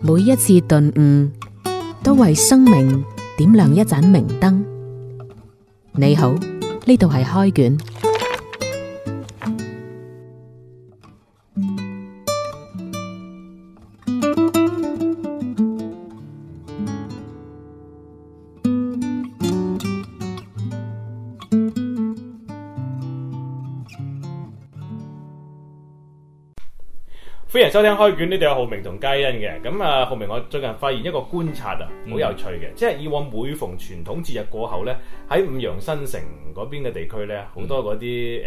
每一次頓悟，都為生命點亮一盞明燈。你好，呢度係開卷。收聽開卷呢度有浩明同佳欣嘅，咁啊浩明，我最近發現一個觀察啊，好有趣嘅，嗯、即係以往每逢傳統節日過後咧，喺五羊新城嗰邊嘅地區咧，好、嗯、多嗰啲誒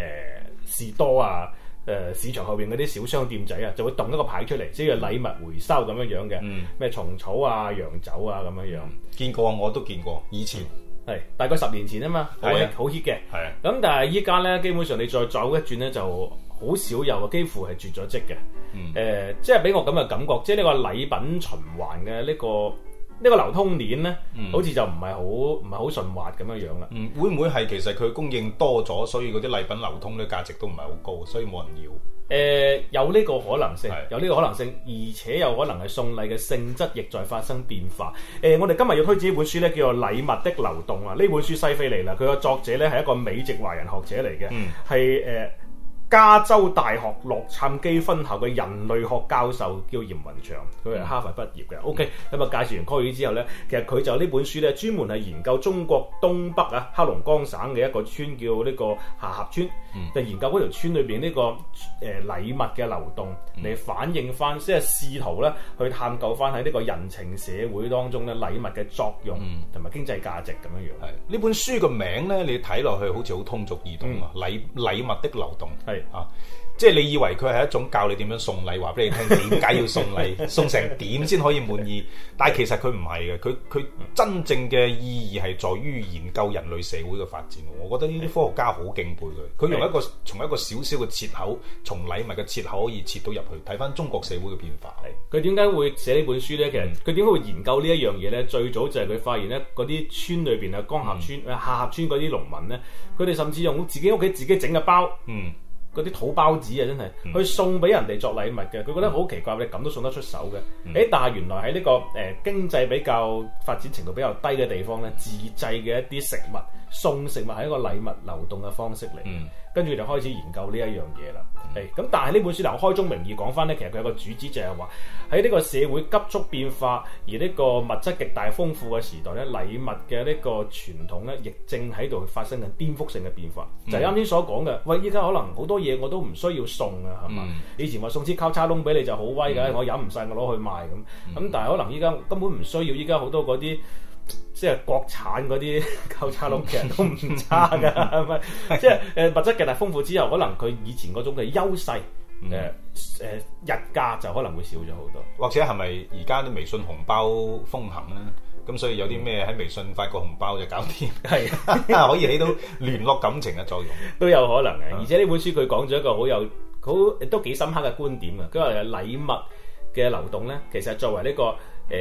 士多啊，誒、呃、市場後邊嗰啲小商店仔啊，就會掟一個牌出嚟，嗯、即係禮物回收咁樣樣嘅，咩、嗯、蟲草啊、洋酒啊咁、嗯啊啊、樣樣，見過、啊、我都見過，以前係大概十年前啊嘛，係好 hit 嘅，係咁但係依家咧，基本上你再走一轉咧，就好少有，幾乎係絕咗跡嘅。誒、嗯呃，即係俾我咁嘅感覺，即係呢個禮品循環嘅呢個呢、這個流通鏈咧、嗯，好似就唔係好唔係好順滑咁嘅樣啦。嗯，會唔會係其實佢供應多咗，所以嗰啲禮品流通嘅價值都唔係好高，所以冇人要？誒、呃，有呢個可能性，有呢個可能性，而且有可能係送禮嘅性質亦在發生變化。誒、呃，我哋今日要推薦一本書咧，叫做《禮物的流動》啊，呢本書西非嚟啦，佢個作者咧係一個美籍華人學者嚟嘅，係、嗯、誒。加州大學洛杉磯分校嘅人類學教授叫閻雲翔，佢係哈佛畢業嘅、嗯。OK，咁啊介紹完佢之後咧，其實佢就呢本書咧，專門係研究中國東北啊，黑龍江省嘅一個村叫呢個下岬村，就、嗯、研究嗰條村裏邊呢個誒禮物嘅流動，嚟、嗯、反映翻，即係試圖咧去探究翻喺呢個人情社會當中咧禮物嘅作用同埋、嗯、經濟價值咁樣樣。係呢本書嘅名咧，你睇落去好似好通俗易懂啊！禮、嗯、禮物的流動係。啊！即係你以為佢係一種教你點樣送禮，話俾你聽點解要送禮， 送成點先可以滿意？但係其實佢唔係嘅，佢佢真正嘅意義係在於研究人類社會嘅發展。我覺得呢啲科學家好敬佩佢，佢用一個從一個少少嘅切口，從禮物嘅切口可以切到入去睇返中國社會嘅變化。佢點解會寫呢本書呢？其實佢點解會研究呢一樣嘢呢？最早就係佢發現呢嗰啲村裏邊啊，江峽村、嗯、下岬村嗰啲農民呢，佢哋甚至用自己屋企自己整嘅包，嗯。嗰啲土包子啊，真係去送俾人哋作禮物嘅，佢、嗯、覺得好奇怪，你咁都送得出手嘅。誒、嗯，但係原來喺呢、這個誒、呃、經濟比較發展程度比較低嘅地方咧，自製嘅一啲食物送食物係一個禮物流動嘅方式嚟。跟、嗯、住就開始研究呢一樣嘢啦。咁、嗯、但係呢本書嗱，我開宗明義講翻咧，其實佢有個主旨就係話喺呢個社會急速變化而呢個物質極大豐富嘅時代咧，禮物嘅呢個傳統咧，亦正喺度發生緊顛覆性嘅變化。嗯、就啱、是、先所講嘅，喂，依家可能好多。嘢我都唔需要送啊，係嘛、嗯？以前話送支交叉窿俾你就好威㗎、嗯，我飲唔晒，我攞去賣咁。咁、嗯、但係可能依家根本唔需要很多，依家好多嗰啲即係國產嗰啲交叉窿其實都唔差㗎，係咪？ 即係誒物質極大豐富之後，可能佢以前嗰種嘅優勢誒誒、嗯、日價就可能會少咗好多。或者係咪而家啲微信紅包風行咧？咁所以有啲咩喺微信發個紅包就搞掂，係、嗯、 可以起到聯絡感情嘅作用，都有可能嘅。而且呢本書佢講咗一個好有好都幾深刻嘅觀點啊！佢話禮物嘅流動呢，其實作為呢、這個誒、呃、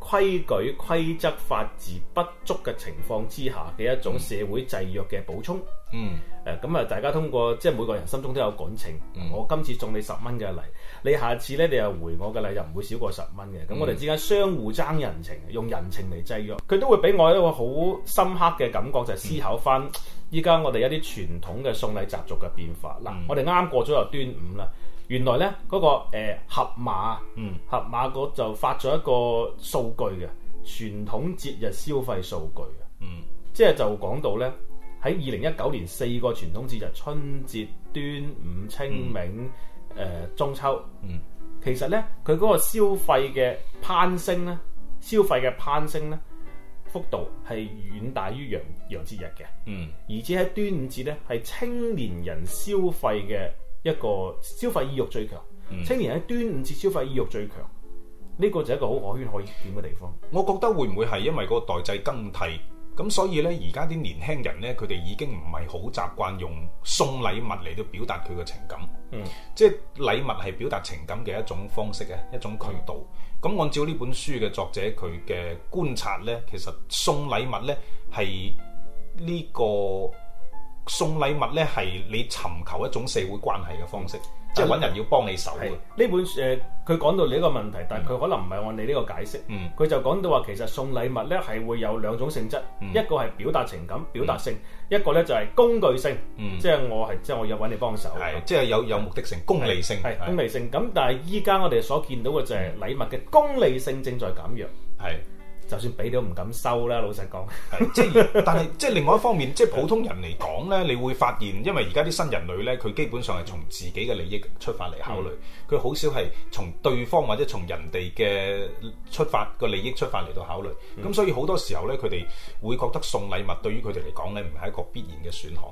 規矩規則法治不足嘅情況之下嘅一種社會制約嘅補充。嗯，誒咁啊！大家通過即係每個人心中都有感情。嗯、我今次送你十蚊嘅禮，你下次咧你又回我嘅禮，又唔會少過十蚊嘅。咁、嗯、我哋之間相互爭人情，用人情嚟制約，佢都會俾我一個好深刻嘅感覺，就係、是、思考翻依家我哋一啲傳統嘅送禮習俗嘅變化。嗱、嗯，我哋啱啱過咗又端午啦，原來呢嗰、嗰個誒盒、呃、馬，嗯，盒馬嗰就發咗一個數據嘅傳統節日消費數據，嗯，即係就講到呢。喺二零一九年四個傳統節日，春節、端午、清明、誒、嗯呃、中秋，嗯，其實呢，佢嗰個消費嘅攀升咧，消費嘅攀升咧，幅度係遠大於洋洋節日嘅，嗯，而且喺端午節呢，係青年人消費嘅一個消費意欲最強、嗯，青年人喺端午節消費意欲最強，呢、這個就係一個好可圈可點嘅地方。我覺得會唔會係因為個代際更替？咁所以咧，而家啲年輕人咧，佢哋已經唔係好習慣用送禮物嚟到表達佢嘅情感。嗯，即係禮物係表達情感嘅一種方式啊一種渠道。咁、嗯、按照呢本書嘅作者佢嘅觀察咧，其實送禮物咧係呢個、這個送禮物咧係你尋求一種社會關係嘅方式。嗯即係揾人要幫你手、嗯。呢本誒，佢、呃、講到你呢個問題，但係佢可能唔係按你呢個解釋。嗯，佢就講到話其實送禮物咧係會有兩種性質、嗯，一個係表達情感、表達性、嗯，一個咧就係、係、工具性。嗯、即係我係即係我要揾你幫手。係，即係有有目的性、功利性。係功利性。咁但係依家我哋所見到嘅就係禮物嘅功利性正在減弱。係。就算俾都唔敢收啦，老實講，即係。但係即係另外一方面，即、即、係、係、普通人嚟講呢，你會發現，因為而家啲新人類呢，佢基本上係從自己嘅利益出發嚟考慮，佢、嗯、好少係從對方或者從人哋嘅出發嘅利益出發嚟到考慮。咁、嗯、所以好多時候呢，佢哋會覺得送禮物對於佢哋嚟講呢，唔係一個必然嘅選項。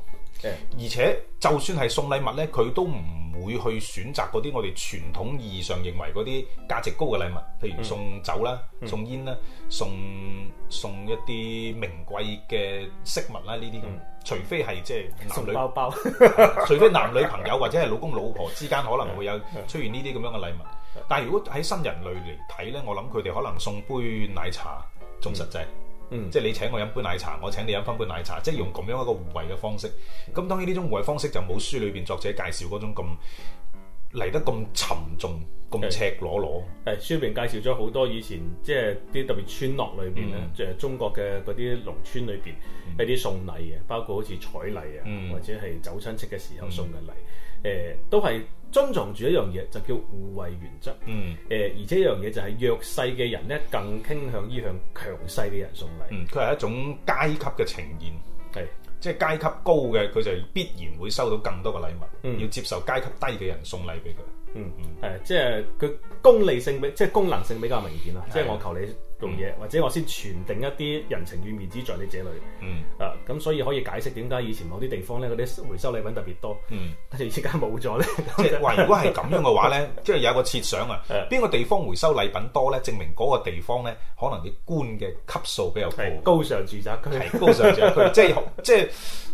而且就算係送禮物呢，佢都唔會去選擇嗰啲我哋傳統意義上認為嗰啲價值高嘅禮物，譬如送酒啦、嗯、送煙啦、送送一啲名貴嘅飾物啦，呢啲咁，除非係即係男女，包包 除非男女朋友或者係老公老婆之間可能會有出現呢啲咁樣嘅禮物。嗯、但係如果喺新人類嚟睇呢，我諗佢哋可能送杯奶茶仲實際。嗯嗯，即係你請我飲杯奶茶，我請你飲翻杯奶茶，即係用咁樣一個互惠嘅方式。咁、嗯、當然呢種互惠方式就冇書裏邊作者介紹嗰種咁嚟得咁沉重、咁、嗯、赤裸裸。係書入邊介紹咗好多以前即係啲特別村落裏邊咧，就係中國嘅嗰啲農村裏邊一啲送禮嘅，包括好似彩禮啊，或者係走親戚嘅時候送嘅禮。嗯。誒、呃，都係遵從住一樣嘢，就叫互惠原則。嗯。誒、呃，而且一樣嘢就係弱勢嘅人咧，更傾向依向強勢嘅人送禮。嗯，佢係一種階級嘅呈現。係。即係階級高嘅，佢就必然會收到更多嘅禮物。嗯。要接受階級低嘅人送禮俾佢。嗯。嗯誒，即係佢功利性比，即係功能性比較明顯啦。即係我求你。做、嗯、嘢，或者我先存定一啲人情與面子在你這裏，嗯，啊咁，所以可以解釋點解以前某啲地方咧，嗰啲回收禮品特別多。嗯，但而家冇咗咧。即係話，如果係咁樣嘅話咧，即 係有一個設想啊。邊個地方回收禮品多咧？證明嗰個地方咧，可能啲官嘅級數比較高，係高尚住宅區，係高尚住宅區，即係即係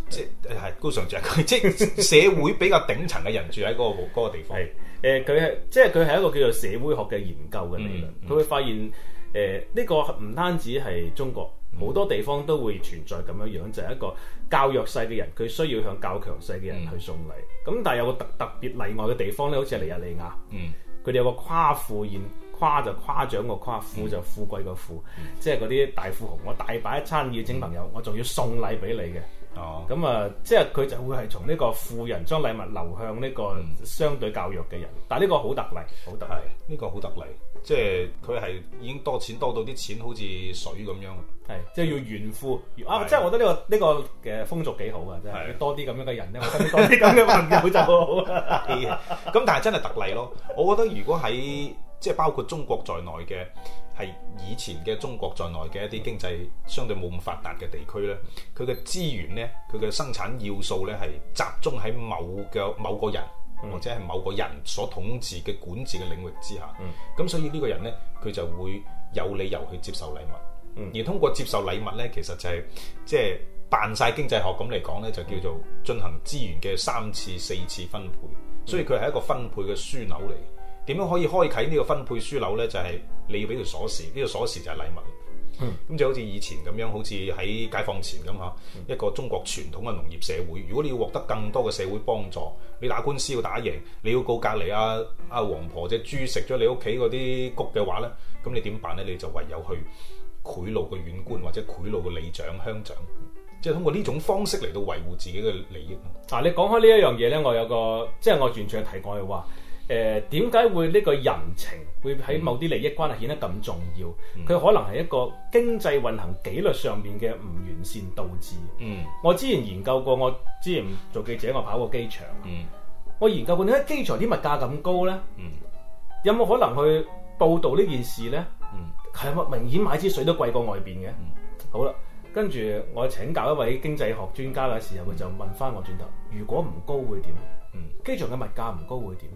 即係係高尚住宅區，即、就、係、係、社會比較頂層嘅人住喺嗰、嗰個嗰個地方。係誒，佢、呃、係即係佢係一個叫做社會學嘅研究嘅理論，佢、嗯、會發現。誒、呃、呢、這個唔單止係中國，好多地方都會存在咁樣樣，嗯、就係、是、一個較弱勢嘅人，佢需要向較強勢嘅人去送禮。咁、嗯、但係有個特特別例外嘅地方咧，好似係尼日利亞，佢、嗯、哋有個誇富宴，誇就誇獎個誇，富、嗯、就富貴個富，嗯、即係嗰啲大富豪，我大把一餐要請朋友，嗯、我仲要送禮俾你嘅。哦，咁啊，即係佢就會係從呢個富人將禮物流向呢個相對較弱嘅人，嗯、但呢個好特例，好特例，呢、這個好特例，即係佢係已經多錢、嗯、多到啲錢好似水咁樣，係即係要懸富啊！即係我覺得呢、這個呢、這個嘅風俗幾好啊即係多啲咁樣嘅人咧， 我覺得多啲咁嘅文化就好，咁 但係真係特例咯。我覺得如果喺即係包括中國在內嘅，係以前嘅中國在內嘅一啲經濟相對冇咁發達嘅地區咧，佢嘅資源咧，佢嘅生產要素咧係集中喺某嘅某個人，或者係某個人所統治嘅管治嘅領域之下。咁、嗯、所以呢個人咧，佢就會有理由去接受禮物。而通過接受禮物咧，其實就係即係扮晒經濟學咁嚟講咧，就叫做進行資源嘅三次、四次分配。所以佢係一個分配嘅樞紐嚟。點樣可以開啓呢個分配書樓呢？就係、是、你要俾條鎖匙，呢條鎖匙就係禮物。咁、嗯、就好似以前咁樣，好似喺解放前咁嗬、嗯，一個中國傳統嘅農業社會。如果你要獲得更多嘅社會幫助，你打官司要打贏，你要告隔離啊啊黃婆隻豬食咗你屋企嗰啲谷嘅話呢，咁你點辦呢？你就唯有去賄賂個縣官或者賄賂個里長鄉長，即、就、係、是、通過呢種方式嚟到維護自己嘅利益。嗱、啊，你講開呢一樣嘢呢，我有個即係、就是、我完全提過嘅話。誒，點解會呢個人情會喺某啲利益關係顯得咁重要？佢、嗯、可能係一個經濟運行紀律上面嘅唔完善導致。嗯，我之前研究過，我之前做記者，我跑過機場。嗯，我研究過點解機場啲物價咁高呢，嗯，有冇可能去報導呢件事呢？嗯，係咪明顯買支水都貴過外邊嘅、嗯？好啦，跟住我請教一位經濟學專家嘅時候，佢就問翻我轉頭：如果唔高會點？嗯，機場嘅物價唔高會點？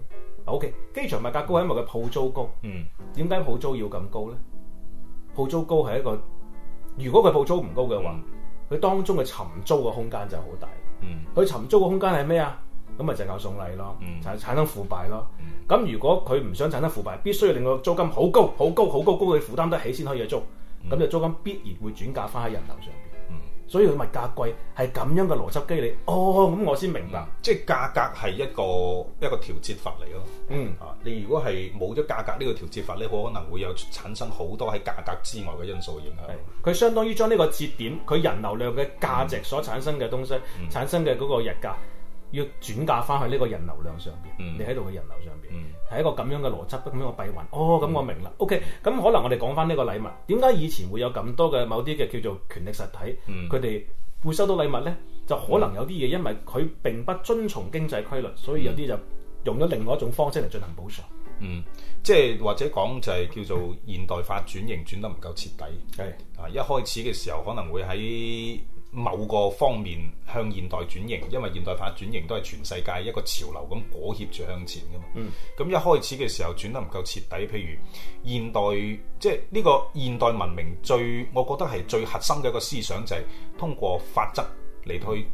O.K. 機場物價高係因為佢鋪租高。嗯，點解鋪租要咁高咧？鋪租高係一個，如果佢鋪租唔高嘅話，佢當中嘅尋租嘅空間就好大。嗯，佢尋租嘅空間係咩啊？咁咪就係送禮咯。就係產生腐敗咯。咁如果佢唔想產生腐敗，必須要令個租金好高、好高、好高，高佢負擔得起先可以租。咁就租金必然會轉嫁翻喺人頭上。所以佢物價貴係咁樣嘅邏輯機理，哦咁我先明白。嗯、即係價格係一個一個調節法嚟咯。嗯，你如果係冇咗價格呢個調節法咧，好可能會有產生好多喺價格之外嘅因素影響。佢相當於將呢個節點，佢人流量嘅價值所產生嘅東西，嗯、產生嘅嗰個日價，要轉嫁翻去呢個人流量上邊、嗯。你喺度嘅人流上邊。嗯係一個咁樣嘅邏輯，咁樣嘅閉環。哦，咁我明啦、嗯。OK，咁可能我哋講返呢個禮物，點解以前會有咁多嘅某啲嘅叫做權力實體，佢、嗯、哋會收到禮物呢，就可能有啲嘢、嗯，因為佢並不遵從經濟規律，所以有啲就用咗另外一種方式嚟進行補償。嗯，即、就、係、是、或者講就係叫做現代化轉型轉得唔夠徹底。係啊，一開始嘅時候可能會喺，某個方面向現代轉型，因為現代化轉型都係全世界一個潮流咁裹挾住向前㗎嘛。咁、嗯、一開始嘅時候轉得唔夠徹底，譬如現代即係呢個現代文明最，我覺得係最核心嘅一個思想就係通過法則嚟去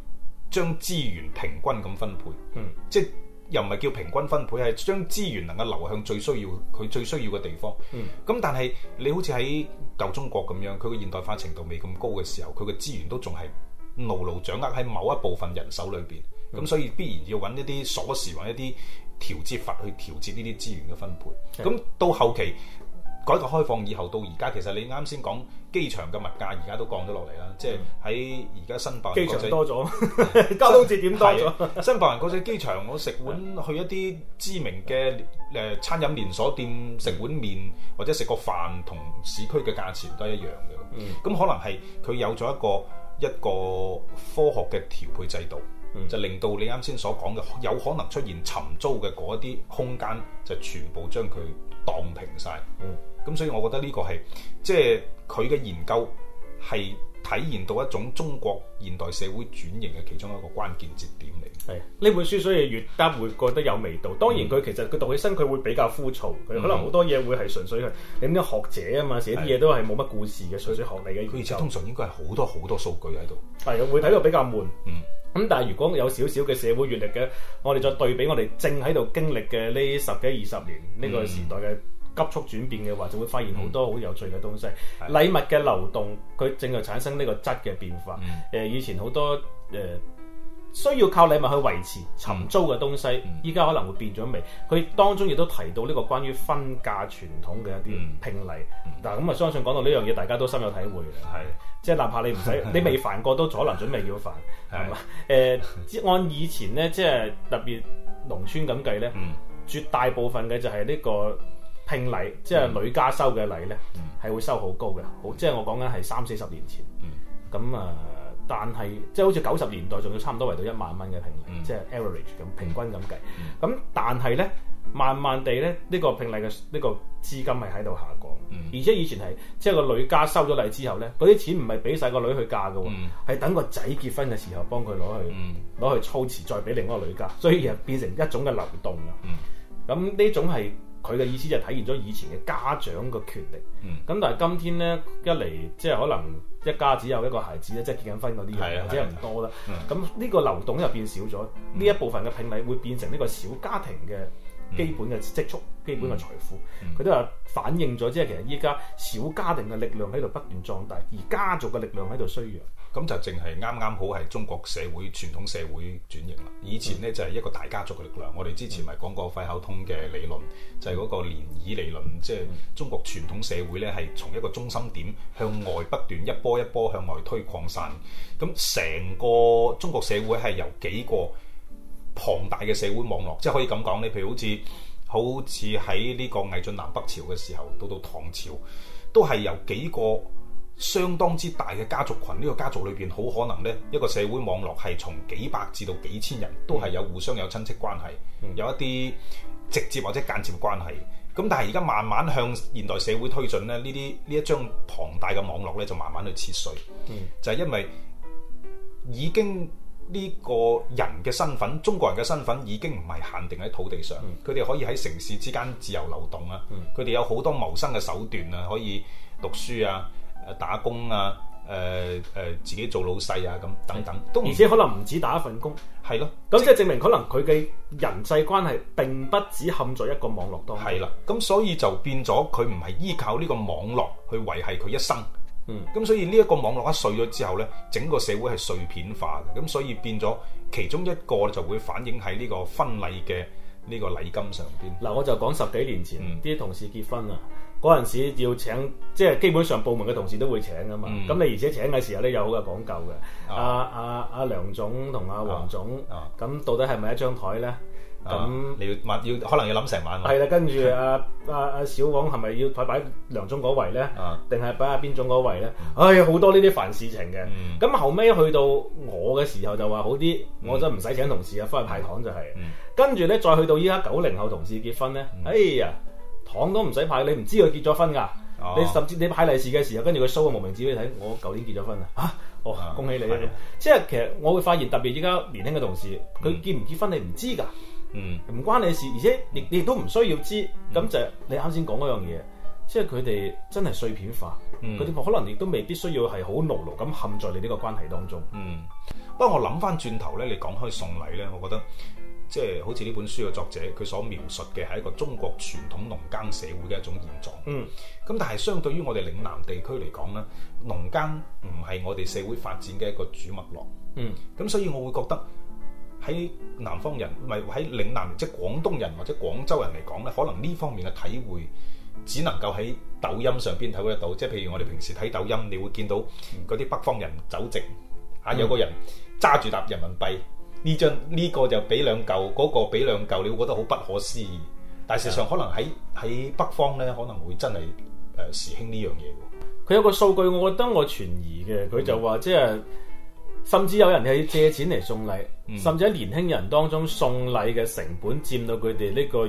將資源平均咁分配。嗯、即係又唔係叫平均分配，係將資源能夠流向最需要佢最需要嘅地方。咁、嗯、但係你好似喺舊中國咁樣，佢嘅現代化程度未咁高嘅時候，佢嘅資源都仲係牢牢掌握喺某一部分人手裏面。咁所以必然要揾一啲鎖匙或一啲調節法去調節呢啲資源嘅分配。咁到後期。改革開放以後到而家，其實你啱先講機場嘅物價，而家都降咗落嚟啦。即係喺而家新白雲機場多咗，交 通節點多咗。新白雲嗰隻機場， 我食碗去一啲知名嘅誒餐飲連鎖店 食碗麵，或者食個飯，同市區嘅價錢都係一樣嘅。咁、嗯、可能係佢有咗一個一個科學嘅調配制度，嗯、就令到你啱先所講嘅有可能出現尋租嘅嗰啲空間，就全部將佢當平曬。嗯咁所以，我覺得呢個係即係佢嘅研究係體現到一種中國現代社會轉型嘅其中一個關鍵節點嚟。係呢本書，所以越加會覺得有味道。當然，佢其實佢、嗯、讀起身佢會比較枯燥，佢可能好多嘢會係純粹係你啲學者啊嘛，寫啲嘢都係冇乜故事嘅，純粹學嚟嘅。佢通常應該係好多好多數據喺度。係會睇到比較悶。嗯。咁但係如果有少少嘅社會閲歷嘅，我哋再對比我哋正喺度經歷嘅呢十幾二十年呢個時代嘅。嗯嗯急速轉變嘅話，就會發現好多好有趣嘅東西。嗯、禮物嘅流動，佢正係產生呢個質嘅變化。誒、嗯呃，以前好多誒、呃、需要靠禮物去維持尋租嘅東西，依、嗯、家可能會變咗味。佢當中亦都提到呢個關於婚嫁傳統嘅一啲聘禮嗱。咁、嗯、啊，嗯、相信講到呢樣嘢，大家都深有體會嘅。係、嗯、即係，哪怕你唔使你未煩過，都阻能準備要煩係嘛誒。按以前呢，即係特別農村咁計呢、嗯，絕大部分嘅就係呢、呢個。聘禮即係女家收嘅禮咧，係、嗯、會收好高嘅，好、嗯、即係我講緊係三四十年前。咁、嗯、啊、呃，但係即係好似九十年代仲要差唔多為到一萬蚊嘅聘禮、嗯，即係 average 咁平均咁計。咁、嗯嗯、但係咧，慢慢地咧，呢、這個聘禮嘅呢個資金係喺度下降、嗯，而且以前係即係個女家收咗禮之後咧，嗰啲錢唔係俾晒個女去嫁嘅，係、嗯、等個仔結婚嘅時候幫佢攞去攞、嗯、去操持再俾另外一個女家，所以又變成一種嘅流動。咁、嗯、呢種係。佢嘅意思就係體現咗以前嘅家長嘅權力，咁、嗯、但係今天呢，一嚟即係可能一家只有一個孩子咧，即係結緊婚嗰啲，或者唔多啦，咁呢個流動又變少咗，呢、嗯、一部分嘅聘禮會變成呢個小家庭嘅基本嘅積蓄、嗯、基本嘅財富，佢、嗯、都係反映咗，即係其實依家小家庭嘅力量喺度不斷壯大，而家族嘅力量喺度衰弱。咁就淨係啱啱好係中國社會傳統社會轉型啦。以前呢，就係、是、一個大家族嘅力量。我哋之前咪講過費孝通嘅理論，就係、是、嗰個漣漪理論，即、就、係、是、中國傳統社會呢，係從一個中心點向外不斷一波一波向外推擴散。咁成個中國社會係由幾個龐大嘅社會網絡，即係可以咁講，你譬如好似好似喺呢個魏晉南北朝嘅時候，到到唐朝都係由幾個。相當之大嘅家族群，呢、這個家族裏面好可能呢，一個社會網絡係從幾百至到幾千人，都係有互相有親戚關係、嗯，有一啲直接或者間接關係。咁但係而家慢慢向現代社會推進呢，呢啲呢一張龐大嘅網絡呢，就慢慢去切碎、嗯。就係、是、因為已經呢個人嘅身份，中國人嘅身份已經唔係限定喺土地上，佢、嗯、哋可以喺城市之間自由流動啊。佢、嗯、哋有好多謀生嘅手段啊，可以讀書啊。誒打工啊，誒、呃、誒、呃、自己做老細啊，咁等等，都而且可能唔止打一份工，係咯，咁即係證明可能佢嘅人際關係並不止陷在一個網絡當中，係啦，咁所以就變咗佢唔係依靠呢個網絡去維繫佢一生，嗯，咁所以呢一個網絡一碎咗之後呢，整個社會係碎片化嘅，咁所以變咗其中一個就會反映喺呢個婚禮嘅。呢、這個禮金上邊嗱，我就講十幾年前啲、嗯、同事結婚啊，嗰陣時候要請，即係基本上部門嘅同事都會請㗎嘛。咁、嗯、你而且請嘅時候咧有好嘅講究嘅。阿阿阿梁總同阿、啊、黃總，咁、啊啊、到底係咪一張枱咧？咁、啊、你要，要可能要諗成晚、啊。係啦，跟住阿阿阿小王係咪要擺擺梁中嗰位咧？定係擺阿邊種嗰位咧？唉、嗯，好、哎、多呢啲煩事情嘅。咁、嗯、後尾去到我嘅時候就話好啲，我真唔使請同事啊，翻、嗯、去派糖就係、嗯。跟住咧再去到依家九零後同事結婚咧、嗯，哎呀，糖都唔使派，你唔知佢結咗婚噶、啊。你甚至你派利是嘅時候，跟住佢 show 個無名指俾你睇，我舊年結咗婚啦、啊。哦、啊，恭喜你、啊、即係其實我會發現特別依家年輕嘅同事，佢、嗯、結唔結婚你唔知噶。嗯，唔關你事，而且你你都唔需要知，咁、嗯、就係、你啱先講嗰樣嘢，即係佢哋真係碎片化，佢、嗯、哋可能亦都未必需要係好牢牢咁嵌在你呢個關係當中。嗯，不過我諗翻轉頭咧，你講開送禮咧，我覺得即係、就是、好似呢本書嘅作者，佢所描述嘅係一個中國傳統農耕社會嘅一種現狀。嗯，咁但係相對於我哋嶺南地區嚟講咧，農耕唔係我哋社會發展嘅一個主脈絡。嗯，咁所以我會覺得。喺南方人唔係喺嶺南，即係廣東人或者廣州人嚟講咧，可能呢方面嘅體會只能夠喺抖音上邊睇得到。即係譬如我哋平時睇抖音，你會見到嗰啲北方人走席嚇，有個人揸住沓人民幣呢、嗯、張呢、呢個就俾兩嚿，嗰、嗰個俾兩嚿，你會覺得好不可思議。但事實上可能喺喺北方咧，可能會真係誒時興呢樣嘢。佢有個數據，我覺得我存疑嘅，佢就話、嗯、即係。甚至有人係借錢嚟送禮、嗯，甚至喺年輕人當中送禮嘅成本佔到佢哋呢個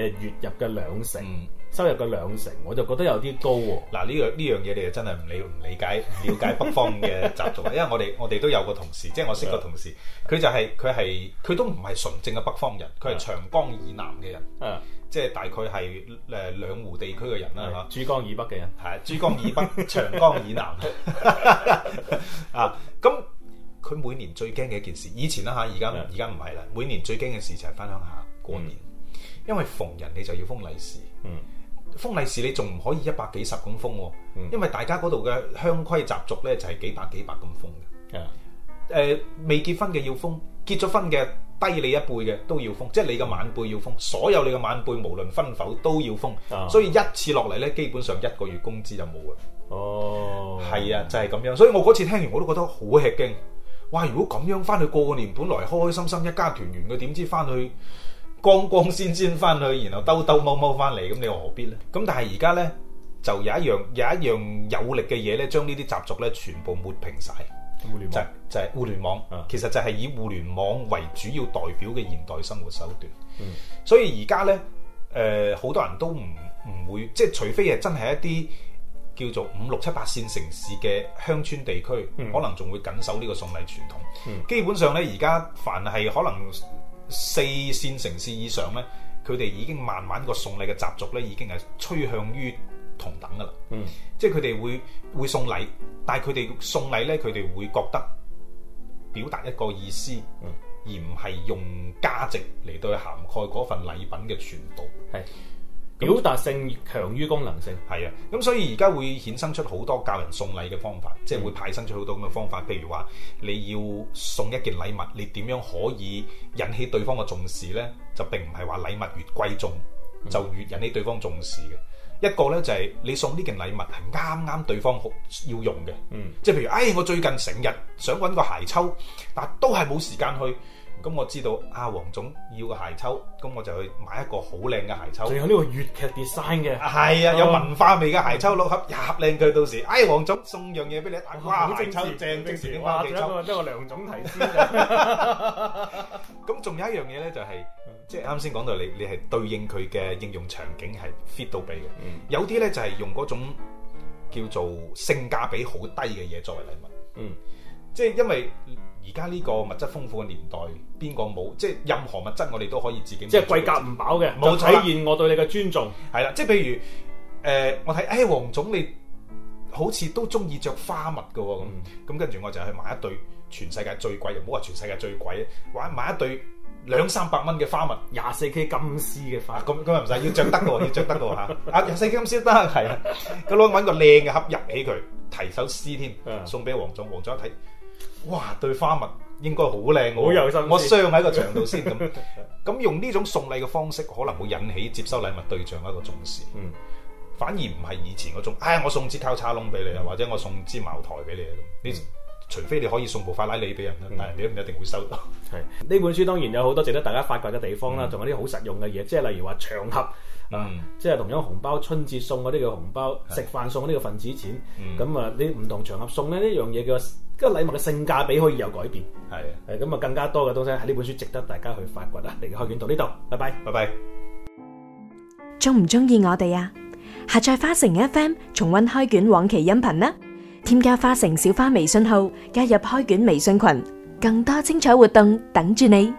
月入嘅兩成、嗯，收入嘅兩成，我就覺得有啲高喎、啊。嗱呢樣呢樣嘢你又真係唔理唔理解唔了解北方嘅習俗， 因為我哋我哋都有個同事，即係我識個同事，佢就係佢係佢都唔係純正嘅北方人，佢係長江以南嘅人，即係、就係、大概係誒兩湖地區嘅人啦，珠江以北嘅人係珠江以北， 長江以南 啊咁。佢每年最驚嘅一件事，以前啦嚇，而家而家唔係啦。每年最驚嘅事就係翻鄉下過、那個、年，mm. 因為逢人你就要封利是，嗯、mm.，封利是你仲唔可以一百幾十咁封，嗯、mm.，因為大家嗰度嘅鄉規習俗咧就係幾百幾百咁封嘅，啊、yeah. 呃，未結婚嘅要封，結咗婚嘅低你一輩嘅都要封，即係你嘅晚輩要封，所有你嘅晚輩無論婚否都要封，oh. 所以一次落嚟咧，基本上一個月工資就冇啦，哦，係啊，就係、是、咁樣，所以我嗰次聽完我都覺得好吃驚。哇！如果咁樣翻去過個年，本來開開心心一家團圓嘅，點知翻去光光鮮鮮翻去，然後兜兜踎踎翻嚟，咁你又何必呢？咁但係而家呢，就有一樣有一樣有力嘅嘢呢，將呢啲習俗呢全部抹平晒。就係互聯網，就係互聯網啊、其實就係以互聯網為主要代表嘅現代生活手段。嗯、所以而家呢，誒、呃、好多人都唔唔會，即係除非係真係一啲。叫做五六七八線城市嘅鄉村地區，嗯、可能仲會緊守呢個送禮傳統。嗯、基本上呢，而家凡係可能四線城市以上呢，佢哋已經慢慢個送禮嘅習俗呢，已經係趨向於同等噶啦、嗯。即係佢哋會會送禮，但係佢哋送禮呢，佢哋會覺得表達一個意思，嗯、而唔係用價值嚟對佢涵蓋嗰份禮品嘅傳導。表達性強於功能性，係啊，咁所以而家會衍生出好多教人送禮嘅方法，即係會派生出好多咁嘅方法。譬如話，你要送一件禮物，你點樣可以引起對方嘅重視呢？就並唔係話禮物越貴重就越引起對方重視嘅。嗯。一個呢就係你送呢件禮物係啱啱對方要用嘅，嗯，即係譬如，唉，我最近成日想揾個鞋抽，但都係冇時間去。咁我知道啊，王總要個鞋抽，咁我就去買一個好靚嘅鞋抽。仲有呢個粵劇 design 嘅，係啊，有文化味嘅鞋抽六盒廿盒靚佢到時。哎，王總送樣嘢俾你啊，哇！好正時正正時，哇！一個真係梁總提籤啊。咁仲有一樣嘢咧，就係即係啱先講到你，你係對應佢嘅應用場景係 fit 到俾嘅。有啲咧就係用嗰種叫做性價比好低嘅嘢作為禮物。嗯。即係因為而家呢個物質豐富嘅年代，邊個冇？即係任何物質我哋都可以自己買。即係貴格唔飽嘅，冇體現我對你嘅尊重。係啦，即係譬如誒、呃，我睇誒，黃、哎、總你好似都中意着花襪嘅咁，咁跟住我就去買一對全世界最貴，又唔好話全世界最貴，買買一對兩三百蚊嘅花襪，廿四 K 金絲嘅花。咁咁又唔使，要着得嘅， 要着得嘅吓，廿四 K 金絲得係啊，咁攞揾個靚嘅盒入起佢，提首詩添，送俾黃總。黃總一睇。哇！對花蜜應該好靚嘅，我鑲喺個牆度先咁，咁 用呢種送禮嘅方式，可能會引起接收禮物對象一個重視，嗯，反而唔係以前嗰種，哎我送支交叉窿俾你啊、嗯，或者我送支茅台俾你啊，咁你。除非你可以送部法拉利俾人啦，但係你都唔一定會收到、嗯。係呢本書當然有好多值得大家發掘嘅地方啦，仲、嗯、有啲好實用嘅嘢，即係例如話場合、嗯、啊，即、就、係、是、同樣紅包、春節送嗰啲嘅紅包，食飯送嗰啲叫份子錢。咁、嗯、啊，啲唔同場合送咧呢樣嘢叫，個禮物嘅性價比可以有改變。係，誒咁啊，更加多嘅東西喺呢本書值得大家去發掘啊！嚟開卷到呢度，拜拜，拜拜。中唔中意我哋啊？下載花城 FM 重溫開卷往期音頻呢。添加花城小花微信號，加入開卷微信群，更多精彩活動等住你。